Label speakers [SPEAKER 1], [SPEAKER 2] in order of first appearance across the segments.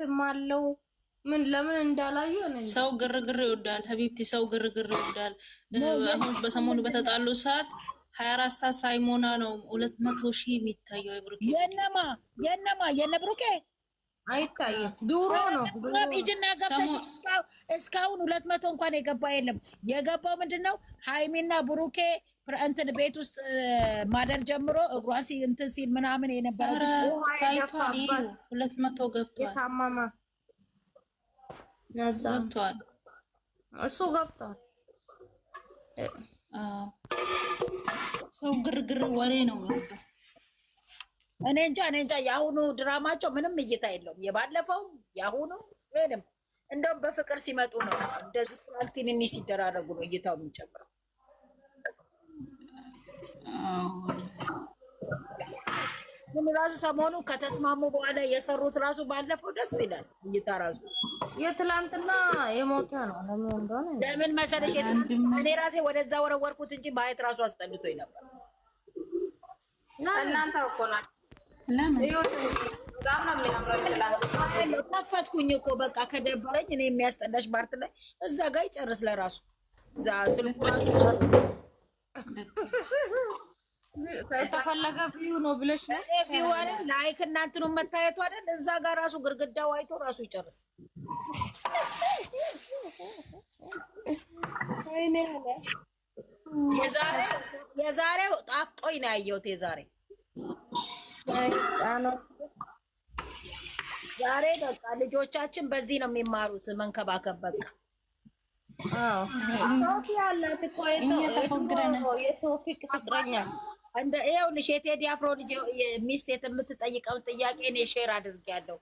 [SPEAKER 1] ትምህርትም አለው። ምን ለምን እንዳላዩ
[SPEAKER 2] ሰው ግርግር ይወዳል። ሀቢብቲ ሰው ግርግር ይወዳል። በሰሞኑ በተጣሉ ሰዓት ሀያ አራት ሰዓት ሳይሞና ነው ሁለት መቶ ሺህ
[SPEAKER 1] የሚታየው የብሩኬ የነማ የነማ የነ ብሩኬ አይታይም። ድሮ ነው ኢጅና ገብተሽ እስካሁን ሁለት መቶ እንኳን የገባ የለም። የገባው ምንድን ነው ሀይሚና ብሩኬ እንትን ቤት ውስጥ ማደር ጀምሮ እግሯን እንትን ሲል ምናምን
[SPEAKER 2] የነበረ ሁለት መቶ ገብቷል ገብቷል
[SPEAKER 1] እሱ ገብቷል።
[SPEAKER 2] ሰው ግርግር ወሬ ነው።
[SPEAKER 1] እኔ እንጃ እኔ እንጃ። የአሁኑ ድራማቸው ምንም እይታ የለውም። የባለፈው የአሁኑ ምንም እንደውም በፍቅር ሲመጡ ነው እንደዚህ ትንንሽ ሲደራረጉ ነው እይታው የሚጨምረው። ራሱ ሰሞኑ ከተስማሙ በኋላ የሰሩት ራሱ ባለፈው ደስ ይላል። እይታ ራሱ የትላንትና የሞተ ነው። ለምን መሰለሽ እኔ ራሴ ወደዛ ወረወርኩት እንጂ በአይት ራሱ አስጠልቶኝ ነበር። እናንተ እኮ ከፈትኩኝ እኮ በቃ ከደበረኝ እኔ የሚያስጠላሽ ባርት ላይ እዛ ጋር ይጨርስ ለራሱ እዛ ስልኩ ራሱ ጨርስ ተፈለገ ቪው ነው ብለሽ ነው ላይክ እናንትኑን መታየቱ አይደል? እዛ ጋር ራሱ ግርግዳው አይቶ ራሱ ይጨርስ። የዛሬው ጣፍጦኝ ነው ያየሁት። የዛሬ ዛሬ በቃ ልጆቻችን በዚህ ነው የሚማሩት፣ መንከባከብ በቃ አዎ፣ አላት ያላት እኮ የተወግረን ፍቅረኛ እንደ ይኸውልሽ የቴዲ አፍሮ ልጅ ሚስት የምትጠይቀውን ጥያቄ እኔ ሼር አድርጌያለሁ።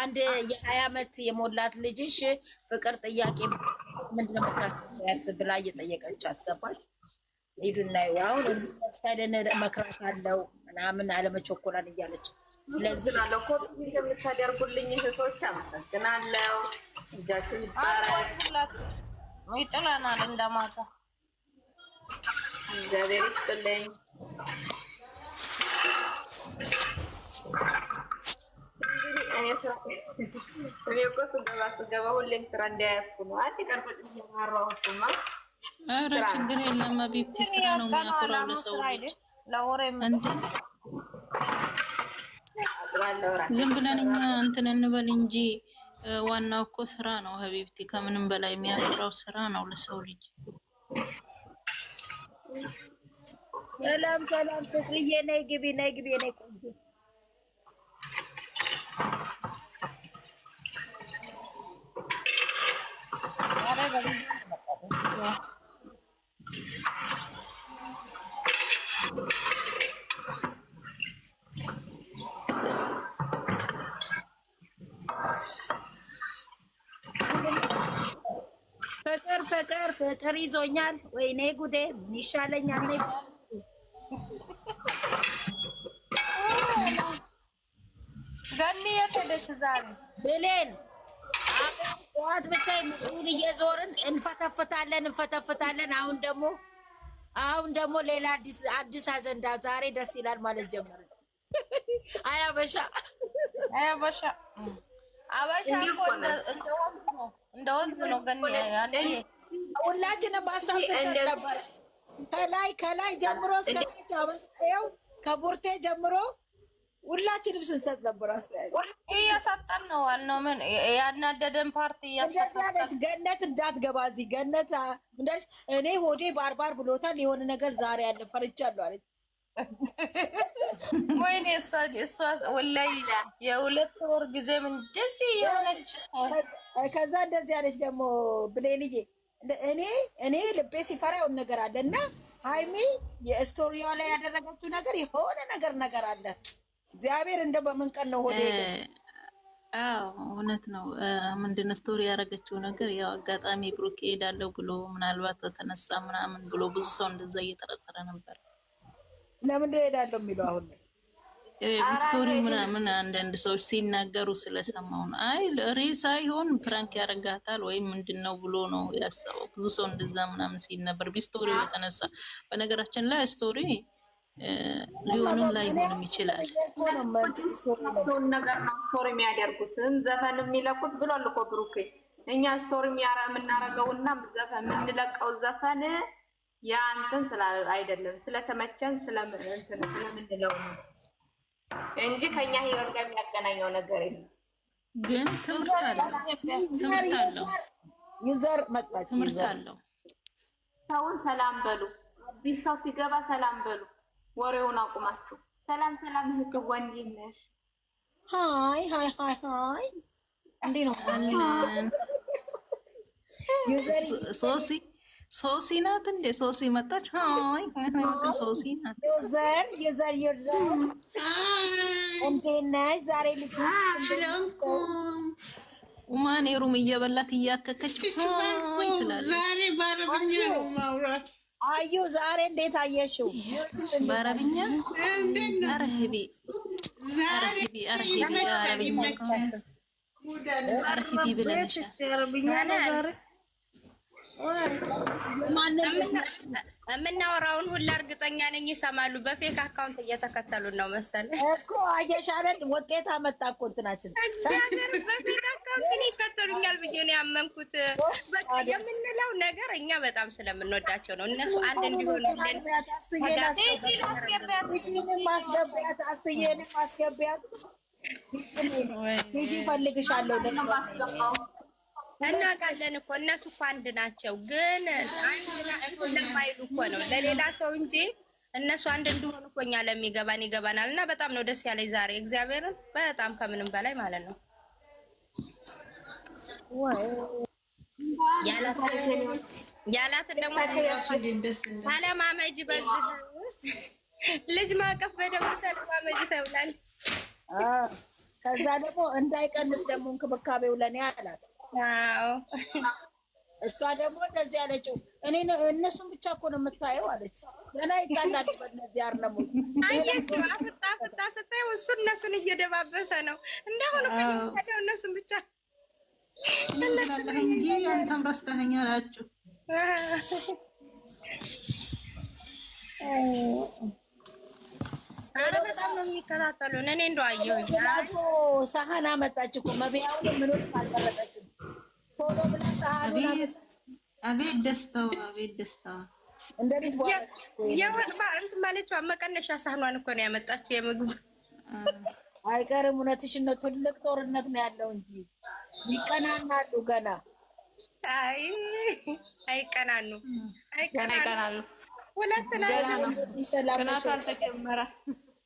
[SPEAKER 1] አንድ የሀያ አመት የሞላት ልጅሽ ፍቅር ጥያቄ ምንድን ነው የምታስያት ብላ እየጠየቀች አትገባሽ ሂዱና አሁን ስታይደን መክራት አለው ምናምን አለመቸኮላን እያለች ስለዚህ ኮ የምታደርጉልኝ እህቶች አመሰግናለሁ። እጃችሁ ይባላል ይጥለናል እንደማታ እግዚአብሔር ይስጥልኝ። እኔ ሁሌም ስራ እንዳያዝኩ ነው።
[SPEAKER 2] ኧረ ችግር የለም። ቢፍቲ ስራ ነው የሚያኮራው ለሰው ልጅ። ዝም ብለን እኛ እንትን እንበል እንጂ ዋናው እኮ ስራ ነው። ሀቢብቲ ከምንም በላይ የሚያኮራው ስራ ነው ለሰው ልጅ
[SPEAKER 1] ሰላም ሰላም፣ ፍቅርዬ ነይ ግቢ፣ ነይ ግቢ፣ ነይ ቆንጆ። ፍቅር ፍቅር ፍቅር ይዞኛል። ወይኔ ጉዴ! ምን ይሻለኛል? ገኒ የት ሄደች ዛሬ? ብሌን ጠዋት ብታይ ምግቡን እየዞርን እንፈተፍታለን እንፈተፍታለን። አሁን ደግሞ አሁን ደግሞ ሌላ አዲስ አዲስ አጀንዳ ዛሬ ደስ ይላል ማለት ጀመረ። አያበሻ አያበሻ አበሻ እኮ እንደ ወንዝ ነው እንደ ወንዝ ነው። ገኒ ሁላችንም በሀሳብ ስሰት ነበር ከላይ ከላይ ጀምሮ እስከታች ይኸው ከቡርቴ ጀምሮ ሁላችንም ስንሰጥ ነበር አስተያየት። እያሳጠር ነው ዋልነው። ምን ያናደደን ፓርቲ እያስፈለች ገነት እንዳትገባ እዚህ ገነት እንዳለች እኔ ሆዴ ባርባር ብሎታል። የሆነ ነገር ዛሬ ያለ ፈርቻለሁ አለች። ወይኔ እሷ ወላሂ የሁለት ወር ጊዜም እንደዚህ የሆነች ከዛ እንደዚህ አለች። ደግሞ ብሌንዬ እኔ እኔ ልቤ ሲፈራ የሆነ ነገር አለ እና ሀይሚ የስቶሪዋ ላይ ያደረገችው ነገር የሆነ ነገር ነገር አለ እግዚአብሔር እንደ በምን ቀን ነው ሆደ
[SPEAKER 2] አዎ እውነት ነው። ምንድነው ስቶሪ ያደረገችው ነገር ያው አጋጣሚ ብሩክ እሄዳለሁ ብሎ ምናልባት ተነሳ ምናምን ብሎ ብዙ ሰው እንደዛ እየጠረጠረ ነበር።
[SPEAKER 1] ለምንድን እሄዳለሁ የሚለው አሁን ላይ
[SPEAKER 2] ስቶሪ ምናምን አንዳንድ ሰዎች ሲናገሩ ስለሰማው ነው። አይ ሬ ሳይሆን ፕራንክ ያደርጋታል ወይም ምንድን ነው ብሎ ነው ያሰበው። ብዙ ሰው እንደዛ ምናምን ሲል ነበር ቢስቶሪ የተነሳ በነገራችን ላይ ስቶሪ ሊሆንም ላይሆንም ይችላል።
[SPEAKER 1] ነገር ነው ስቶሪ የሚያደርጉትን ዘፈን የሚለቁት ብሏል እኮ ብሩኬ። እኛ ስቶሪ የምናረገውና ዘፈን የምንለቀው ዘፈን የአንተን ስለ አይደለም ስለተመቸን ስለምንለው ነው እንጂ ከኛ ህይወት ጋር የሚያገናኘው ነገር የለም።
[SPEAKER 2] ግን ትምህርት ትምህርት
[SPEAKER 1] አለው፣ ዩዘር መጣች፣ ትምህርት አለው። ሰውን ሰላም በሉ፣ አዲስ ሰው ሲገባ ሰላም በሉ ወሬውን አቁማችሁ። ሰላም ሰላም፣ እህት ወንዴት ነሽ? ሀይ ሀይ ሀይ ሀይ፣ እንዴ ነው?
[SPEAKER 2] ሶሲ ሶሲ ናት እንዴ? ሶሲ መጣች። ሀይ ሀይ ሀይ፣ ሶሲ ናት።
[SPEAKER 1] ዩዘር ዩዘር ዩዘር፣ እንዴት ነሽ ዛሬ? ልጅ ሽለምኩም
[SPEAKER 2] ኡማን ሩም እየበላት እያከከች
[SPEAKER 1] ሀይ ትላለች ዛሬ ባረብኛ ነው ማውራት አዩ ዛሬ እንዴት አየሽው?
[SPEAKER 2] በአረብኛ አርህቢ አርህቢ አርህቢ አረብኛ አርህቢ
[SPEAKER 1] የምናወራውን ሁላ እርግጠኛ ነኝ ይሰማሉ። በፌክ አካውንት እየተከተሉ ነው መሰለኝ እኮ አየሻለን። አይደል? ውጤት አመጣ እኮ እንትናችን እግዚአብሔር። በፌክ አካውንት ይከተሉኛል ብዬ ነው ያመንኩት። የምንለው ነገር እኛ በጣም ስለምንወዳቸው ነው። እነሱ አንድ እንዲሆኑልን ማስገቢያት አስትዬን ማስገቢያት ሂጂ እፈልግሻለሁ። እናውቃለን እኮ እነሱ እኮ አንድ ናቸው፣ ግን ለማይሉ እኮ ነው ለሌላ ሰው እንጂ እነሱ አንድ እንደሆኑ እኮ እኛ ለሚገባን ይገባናል። እና በጣም ነው ደስ ያለኝ ዛሬ እግዚአብሔርን በጣም ከምንም በላይ ማለት ነው ያላትን ደግሞ ተለማመጂ፣ በዚህ ልጅ ማቀፍ በደምብ ተለማመጂ ተብላል። ከዛ ደግሞ እንዳይቀንስ ደግሞ እንክብካቤው ለእኔ አላት እሷ ደግሞ እንደዚህ ያለችው እኔ እነሱን ብቻ እኮ ነው የምታየው አለች። ገና ይጣላሉ በእነዚህ አርነሙ ፍጣ ፍጣ ስታየው እሱ እነሱን እየደባበሰ ነው እንደሁን ው እነሱን ብቻ
[SPEAKER 2] እንጂ አንተም ረስተኸኝ አላችሁ።
[SPEAKER 1] ኧረ በጣም ነው የሚከታተሉን። እኔ እንደው አየሁኝ አቶ ሰሀን አመጣች እኮ መብያውን ምንም አልመረጠችም። ቶሎ ብላ ሰሀኑን
[SPEAKER 2] አቤት ደስታዋ! አቤት ደስታዋ!
[SPEAKER 1] የወጥ እንትን ማለችዋ መቀነሻ ሳህኗን እኮ ነው ያመጣች። የምግቡ አይቀርም። እውነትሽን ነው። ትልቅ ጦርነት ነው ያለው እንጂ ይቀናናሉ ገና። አይ አይቀናኑ፣ አይቀናሉ ሁለት ናቸው። ቅናት አልተጀመረ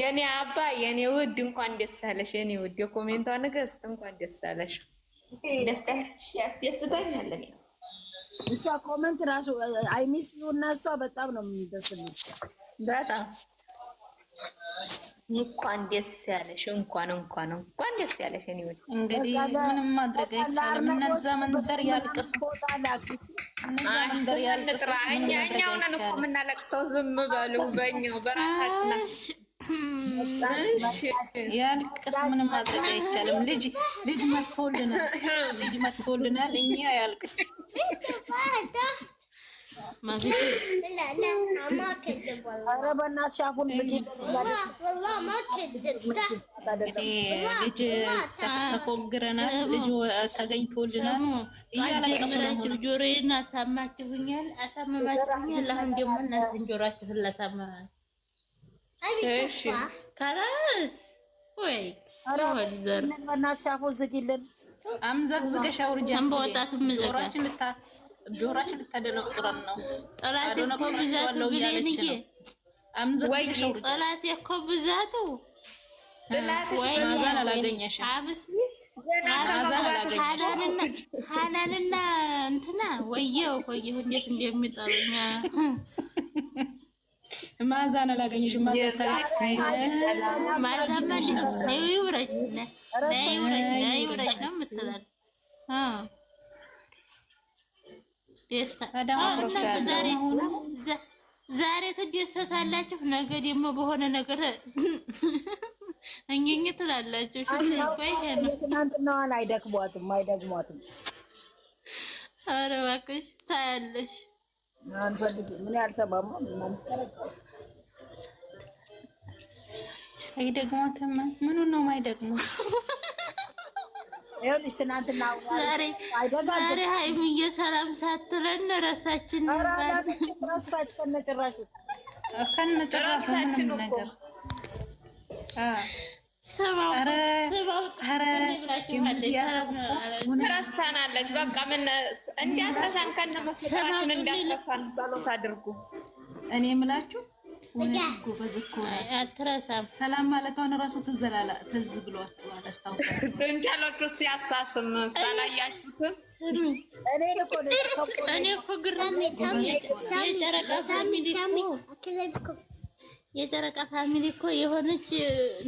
[SPEAKER 1] የኔ አባ የኔ ውድ እንኳን ደስ አለሽ። የኔ ውድ የኮሜንቷ ንግስት እንኳን ደስ አለሽ። ደስታሽ ያስደስተኛል። እሷ ኮመንት ራሱ አይሚስ ዩ እና እሷ በጣም ነው የሚደስልኝ። በጣም እንኳን ደስ ያለሽ፣ እንኳን እንኳን እንኳን ደስ ያለሽ። እኔ ውድ
[SPEAKER 2] እንግዲህ ምንም ማድረግ አይቻልም። እነዛ መንደር ያልቅሱ፣
[SPEAKER 1] እኛው ነን እኮ የምናለቅሰው። ዝም በሉ በእኛው በራሳችን
[SPEAKER 2] ያልቅስ ምንም ማድረግ አይቻልም። ልጅ ልጅ መጥቶልናል፣ ልጅ መጥቶልናል። እኛ ያልቅስ ልጅ
[SPEAKER 1] ተፎግረናል፣ ልጅ ተገኝቶልናል። እያለቀስናችሁ ጆሮዬን አሳማችሁኛል፣ አሳመማችሁኛል። አሁን ደግሞ እናንተን ጆሯችሁን ላሳመማችሁ ከላስ ወይ ዘር በእናትሽ አፎ ዝጊልን። አምዘግዝገሽ አውርጃ በወጣት ጆሮአችን ልታደነቁረን ነው። ጠላት እኮ ብዛቱ ብሌንዬ፣ ጠላት እኮ ብዛቱ ሀናንና እንትና ወየው ቆየሁ እንዴት እንደሚጠሩኛ ማዛን አላገኘሽ ዛሬ ትደሰታላችሁ፣ ነገ ደግሞ በሆነ ነገር እኝኝ ትላላችሁ። ትናንትናዋን አይደክሟትም አይደክሟትም። አረ እባክሽ ታያለሽ። ምን ያልሰማማ አይደግሞትም። ምኑ ነው ማይደግሞት? ይኸውልሽ ትናንትና ዛሬ ሀይሚዬ ሰላም ሳትለን ረሳችን። ረሳች ከነጭራሹ ከነጭራሹ ነገር በቃ ጸሎት አድርጉ። እኔ የምላችሁ አትረሳም። ሰላም ማለት አሁን እራሱ ትዘላላ ትዝ ብሏችኋል። አስታውሳላችሁ ሲያሳስም ሳላያችሁትም እኔ እኮ ግርም የጨረቃ ፋሚሊ እኮ የሆነች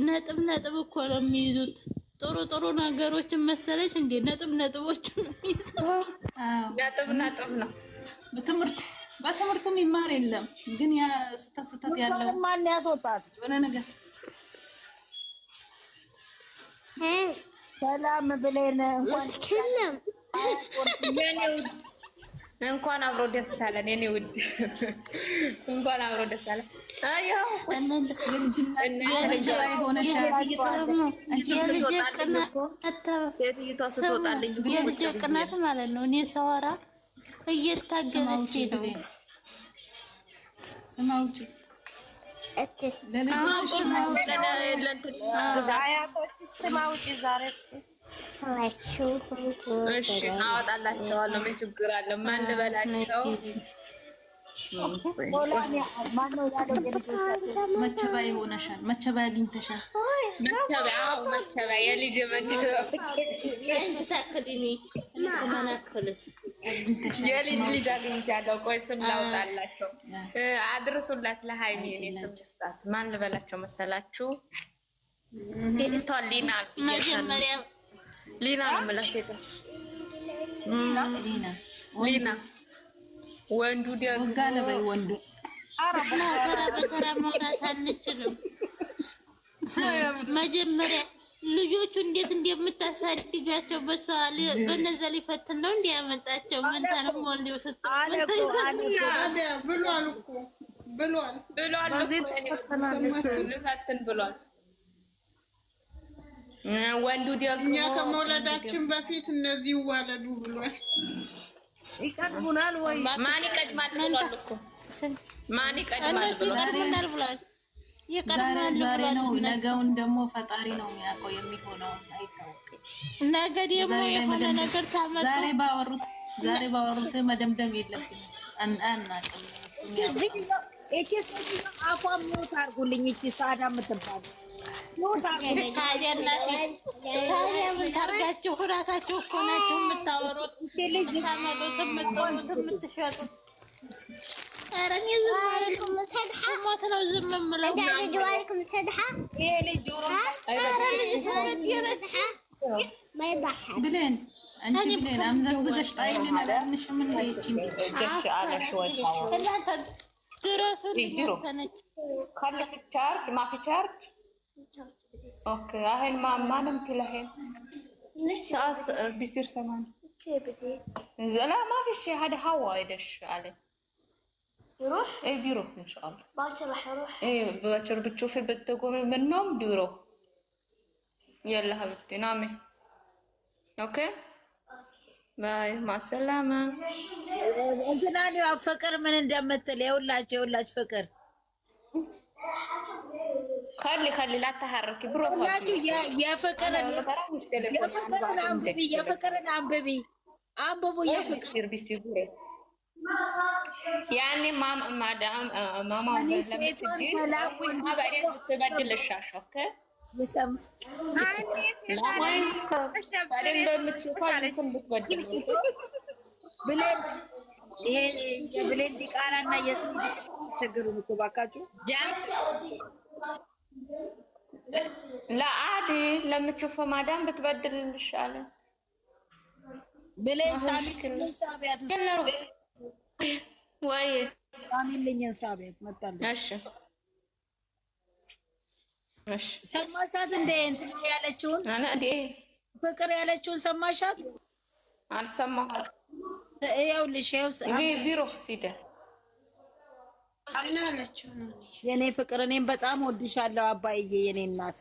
[SPEAKER 1] ነጥብ ነጥብ እኮ ነው የሚይዙት ጥሩ ጥሩ ነገሮችን መሰለች እንደ ነጥብ ነጥቦችን ነው የሚይዙት። ነጥብ ነጥብ ነው ትምህርት በትምህርቱም ይማር የለም ግን ስህተት ስህተት ያለው ማን ያስወጣት? የሆነ ነገር ሰላም ብለን እንኳን አብሮ ደስ አለን። የኔ ውድ እንኳን አብሮ ደስ አለን። የልጄ ቅናት ማለት ነው እኔ ሰወራ እየታገለች ነው። አወጣላቸዋለሁ። ምን ችግር አለው? ማን ልበላቸው? መቸቢያ ይሆነሻል። መቸቢያ አግኝተሻል። የልጅ ልጅ አግኝቻለሁ። ቆይ ስም ላውጣላቸው፣ አድርሱላት ለሀይሚ። እኔ ስም ስጣት ማን ልበላቸው መሰላችሁ? ሴቷ ሊና ሊና ነው የምላት ሴቷ ሊና ወንዱ ወጋ ለበይ ወንዱ በተራ መውራት አንችልም። መጀመሪያ ልጆቹ እንዴት እንደምታሳድጋቸው በሰዋል በነዛ ሊፈትን ነው እንዲያመጣቸው መንታንም ወልዲው ብሏል እኮ ብሏል ብሏል ብሏል። ወንዱ ደግሞ እኛ ከመውለዳችን በፊት እነዚህ ይዋለዱ ብሏል። ይቀድሙናል ወይ ማን ይቀድማል? ማን ይቀድማል? እነሱ ይቀድሙናል ብሏል። ዛሬ ነው። ነገውን ደግሞ ፈጣሪ ነው የሚያውቀው። የሚሆነው አይታወቅም። ነገ ደግሞ የሆነ ነገር ታመጡ። ዛሬ ባወሩት ዛሬ ባወሩት መደምደም የለብን አናውቅም። እቺ አፏ ሞት አድርጉልኝ። እቺ ሰዓዳ የምትባለው ታርጋችሁ እራሳችሁ እኮ ናችሁ የምታወሩት የምታመጡት የምትሸጡት። ኧረ እኔ ሞት ነው ዝም የምለው። ብሌን አንቺ ብሌን አምዘግዝገሽ ጣይልን አላልንሽም። ድረሱልኝ ቻርጅ ማፊ ቻርጅ ما ما نمتي لهين لسه ساس بيصير سمان بدي لا ما في شيء هذا هوا يدش عليه يروح؟ اي بيروح ان شاء الله باكر راح يروح اي باكر بتشوفي بتقومي من النوم بيروح يلا حبيبتي نامي اوكي باي مع السلامة እንትን من ፍቅር ምን እንደምትል የሁላችሁ የሁላችሁ فكر خلي خلي لا تحرك بروح ሁላችሁ የፍቅርን የፍቅርን አንብቢ የፍቅርን አንብቢ አንብቡ የፍቅር ያኔ ማማ ብሌን ዲቃላ እና የትግሩ ባካችሁ ለአዲ ለምችፎ ማዳም ብትበድል እንሻለ ብሌን ሳቢያት ወይ ሳሚልኝን ሳቢያት መጣለች። ሰማሻት እንደ እንትን ያለችውን ፍቅር ያለችውን ሰማሻት? አልሰማሁም። ይኸውልሽ ቢሮ ሲደ የኔ ፍቅር እኔም በጣም ወድሻለሁ አባዬ፣ የኔ እናት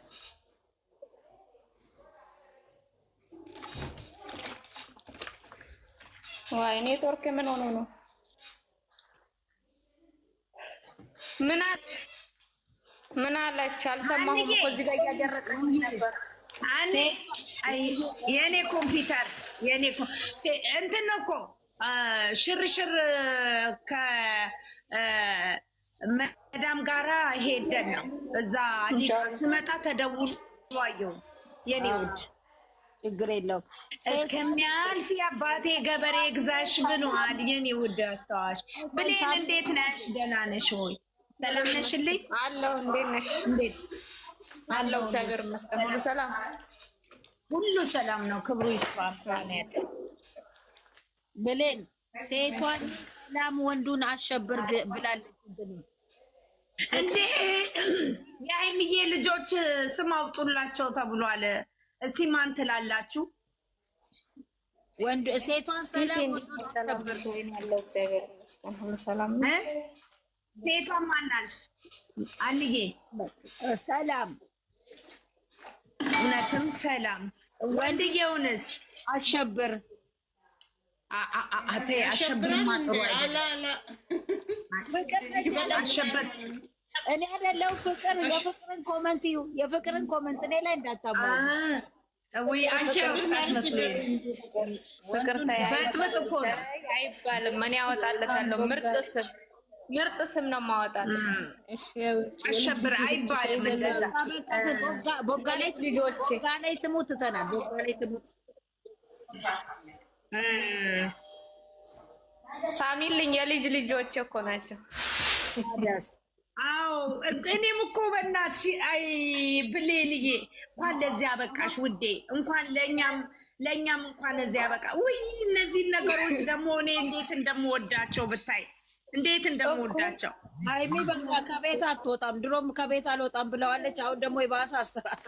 [SPEAKER 1] ዋይ ኔትወርክ ምን ሆኖ ነው? ምን አለ ምን አለች? አልሰማሁም እኮ እዚህ ጋር እያደረቀች ነበር። የኔ ኮምፒውተር የኔ እንትን እኮ ሽርሽር ከ መዳም ጋራ ሄደን ነው እዛ አዲቃ ስመጣ ተደውሎ አየሁ። የኔ ውድ ችግር የለውም እስከሚያልፍ የአባቴ ገበሬ ግዛሽ ብሏል። የኔ ውድ አስተዋሽ ብሌን፣ እንዴት ነሽ? ደህና ነሽ ሆይ? ሰላም ነሽልኝ? አለሁ። እንዴት ነሽ? እንዴት አለሁ። እግዚአብሔር ይመስገን፣ ሁሉ ሰላም፣ ሁሉ ሰላም ነው። ክብሩ ይስፋ። ብሌን ሴቷን ሰላም ወንዱን አሸብር ብላለች። እንዴ የአይምዬ ልጆች ስም አውጡላቸው ተብሏል። እስቲ ማን ትላላችሁ? ወንዱ ሴቷን ሰላም ሴቷን ማናለች? አንዬ ሰላም እውነትም ሰላም ወንድየውንስ አሸብር አሸብር እኔ አይደለሁ ፍቅር የፍቅርን ኮመንት እዩ የፍቅርን ኮመንት እኔ ላይ እንዳታባ ወይ አንቺ አታስመስለኝ። ፍቅር በጥብጥ እኮ ነው አይባልም። እኔ አወጣለታለሁ ምርጥ ስም ምርጥ ስም ነው ማወጣት። አሸብር አይባልም። ቦጋ ላይ ትሙት ትተናል። ቦጋ ላይ ትሙት ሳሚልኝ የልጅ ልጆች እኮ ናቸው። አዎ እኔም እኮ በእናትሽ አይ ብሌንዬ እንኳን ለዚያ አበቃሽ ውዴ። እንኳን ለእኛም ለእኛም እንኳን ለዚህ አበቃ። ውይ እነዚህን ነገሮች ደግሞ እኔ እንዴት እንደምወዳቸው ብታይ እንዴት እንደምወዳቸው። አይሜ በቃ ከቤት አትወጣም፣ ድሮም ከቤት አልወጣም ብለዋለች። አሁን ደግሞ የባሰ አሰራት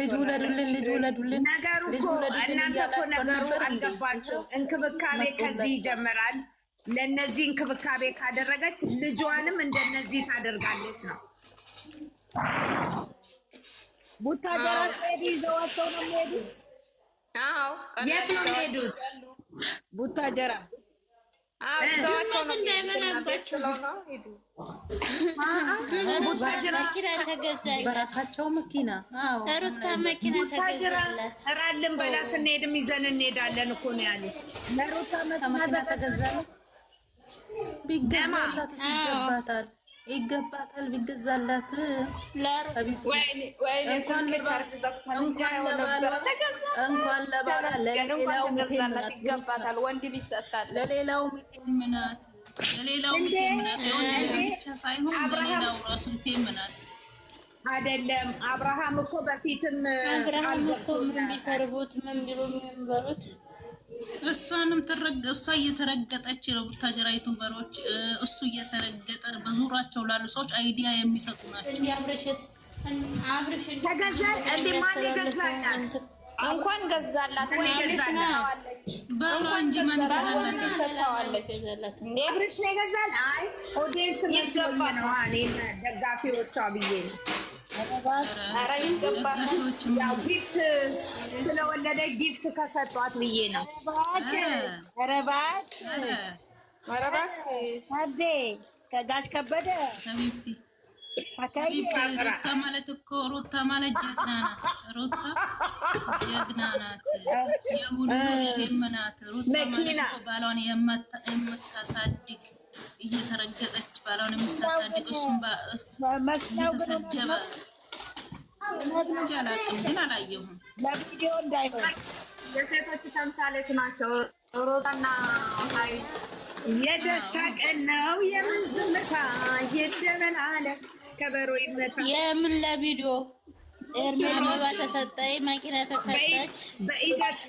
[SPEAKER 1] ልጅ ውለዱልን፣ ልጅ ውለዱልን። ነገሩ እኮ እናንተ እኮ ነገሩ አልገባችሁ። እንክብካቤ ከዚህ ይጀምራል። ለእነዚህ እንክብካቤ ካደረገች ልጇንም እንደነዚህ ታደርጋለች ነው። ቡታጀራ ሄድ ይዘዋቸው ነው የሚሄዱት። የት ነው የሚሄዱት? ቡታጀራ በራሳቸው መኪና ሩታ መኪና ተገዛላት። እራልን በላ ስንሄድም ይዘን እንሄዳለን እኮ ነው ያሉት። ለሩታ መኪና ተገዛላት። ቢገዛላት ይገባታል፣ ይገባታል። ቢገዛላት እንኳን ለባሏ ለሌላው ምቴምናት ለሌላው ምቴምናት ለሌላው ብቻ ሳይሆን ለሌላው አይደለም። አብርሃም እኮ በፊትም አብርሃም እኮ ምን ቢሰርቡት ምን ቢሉ የሚበሉት እሷንም ተረገ እሷ እየተረገጠች ነው። ቡታጀራ ዩቱበሮች እሱ እየተረገጠ በዙራቸው ላሉ ሰዎች አይዲያ የሚሰጡ ናቸው። አብርሽ እንዲህ ማን ይገዛኛል? እንኳን ገዛላት ወይ አብርሽ ነው የገዛል። አይ ኦዲየንስ መስሎኝ ነው ደጋፊዎቿ ብዬ ነው። ጊፍት ስለወለደ ጊፍት ከሰጧት ብዬ ነው። ኧረ እባክህ ከጋሽ ከበደ ሩታ ማለት እኮ ሩታ ማለት ጀግና ናት። ሩታ ጀግና ናት፣ የሁሉም ናት። ሩታ ማለት ባሏን የምታሳድግ እየተረገጠች ባሏን የምታሳድግ እሱም እየተሰደበ አላውቅም፣ ግን አላየሁም። ለቪዲዮ እንዳይሆን የሴቶች ተምሳሌት ናቸው ሩታና የደስታ ቀን ነው የምንዝምታ የደመላለ ከበሮ ይመታ። የምን ለቪዲዮ አበባ ተሰጠኝ፣ መኪና ተሰጠች። በሂደት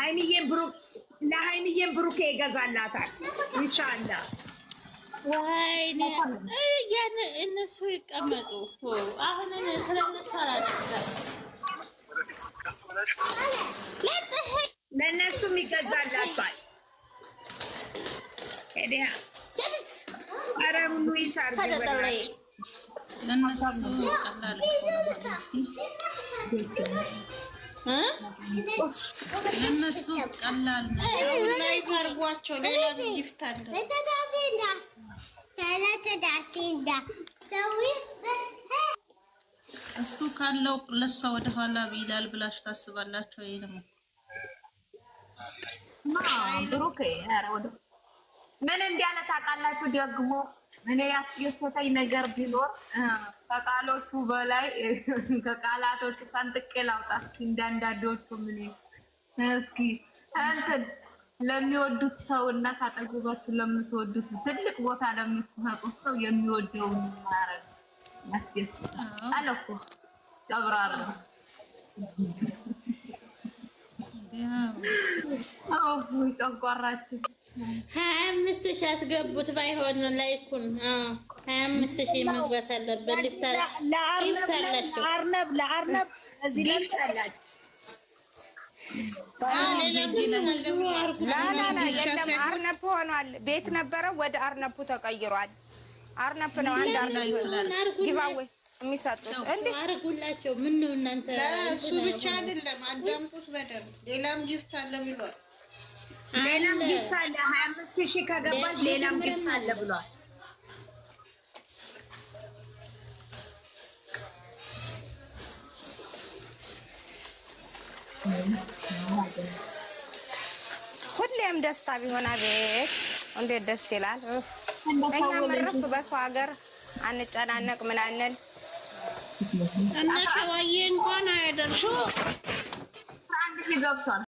[SPEAKER 1] ሀይሚዬን ብሩክ ለሀይሚዬን ብሩኬ ይገዛላታል ኢንሻላህ። ወይኔ እነሱ ይቀመጡ አሁን ስለ እነሱ ቀላል ነው። ታርጓቸው ሌላ ጊፍት አለ። እሱ ካለው ለእሷ ወደኋላ ይላል ብላችሁ ታስባላችሁ? ይሄ ደግሞ ምን እንዲያነት ታውቃላችሁ? ደግሞ እኔ ያስደሰተኝ ነገር ቢኖር ከቃሎቹ በላይ ከቃላቶቹ ሰንጥቄ ላውጣ እስኪ እንዳንዳዶቹ ምን እስኪ እንትን ለሚወዱት ሰው እና ካጠገባችሁ ለምትወዱት ትልቅ ቦታ ለምትሰጡት ሰው የሚወደውን ማረግ ያስደስታል አለ እኮ ጨብራራ ጨጓራችን ሀያ አምስት ሺህ አስገቡት። ባይሆን ላይኩን ሀያ አምስት ሺህ መግባት አለበት። ሊፍት አላቸው። ለአርነብ ለአርነብ እዚህ አርነብ ሆኗል። ቤት ነበረው ወደ አርነፑ ተቀይሯል። አርነብ ነው አንድ የሚሰጡት እንዴ አርጉላቸው። ምን ነው እናንተ እሱ ብቻ አይደለም አዳምጡት በደንብ ሌላም ጊፍት አለ ብሏል። ሌላም ጊፍት አለ። ሀያ አምስት ሺህ ከገባች ሌላም ጊፍት አለ ብሏል። ሁሌም ደስታ ቢሆን አቤት እንዴት ደስ ይላል። እኛ መረፍ በሰው ሀገር አንጨናነቅ ምናንል እነ ሸዋዬ እንኳን አያደርሱ አንድ ሺህ ገብቷል።